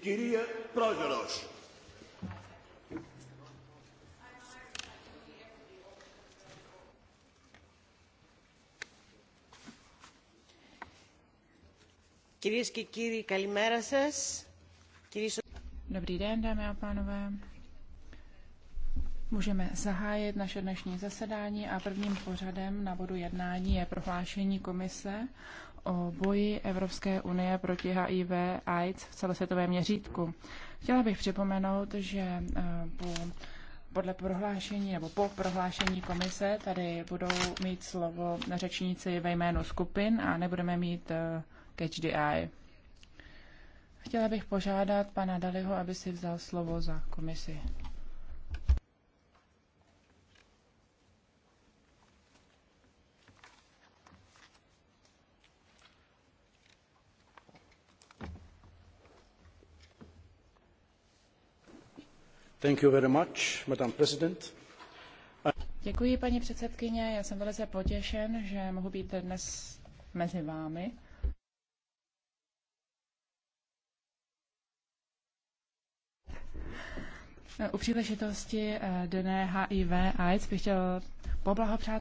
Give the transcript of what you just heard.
Κυρία Πρόεδρος. Κυρίες και κύριοι, καλημέρα σας. Dobrý den, dámy a pánové. Můžeme zahájit naše dnešní zasedání a prvním pořadem na bodu jednání je prohlášení komise o boji Evropské unie proti HIV AIDS v celosvětovém měřítku. Chtěla bych připomenout, že eh, po, podle prohlášení nebo po prohlášení komise tady budou mít slovo řečníci ve jménu skupin a nebudeme mít eh, catch the eye. Chtěla bych požádat pana Daliho, aby si vzal slovo za komisi. Děkuji, paní předsedkyně. Já jsem velice potěšen, že mohu být dnes mezi vámi. U příležitosti eh, dne HIV AIDS bych chtěl poblahopřát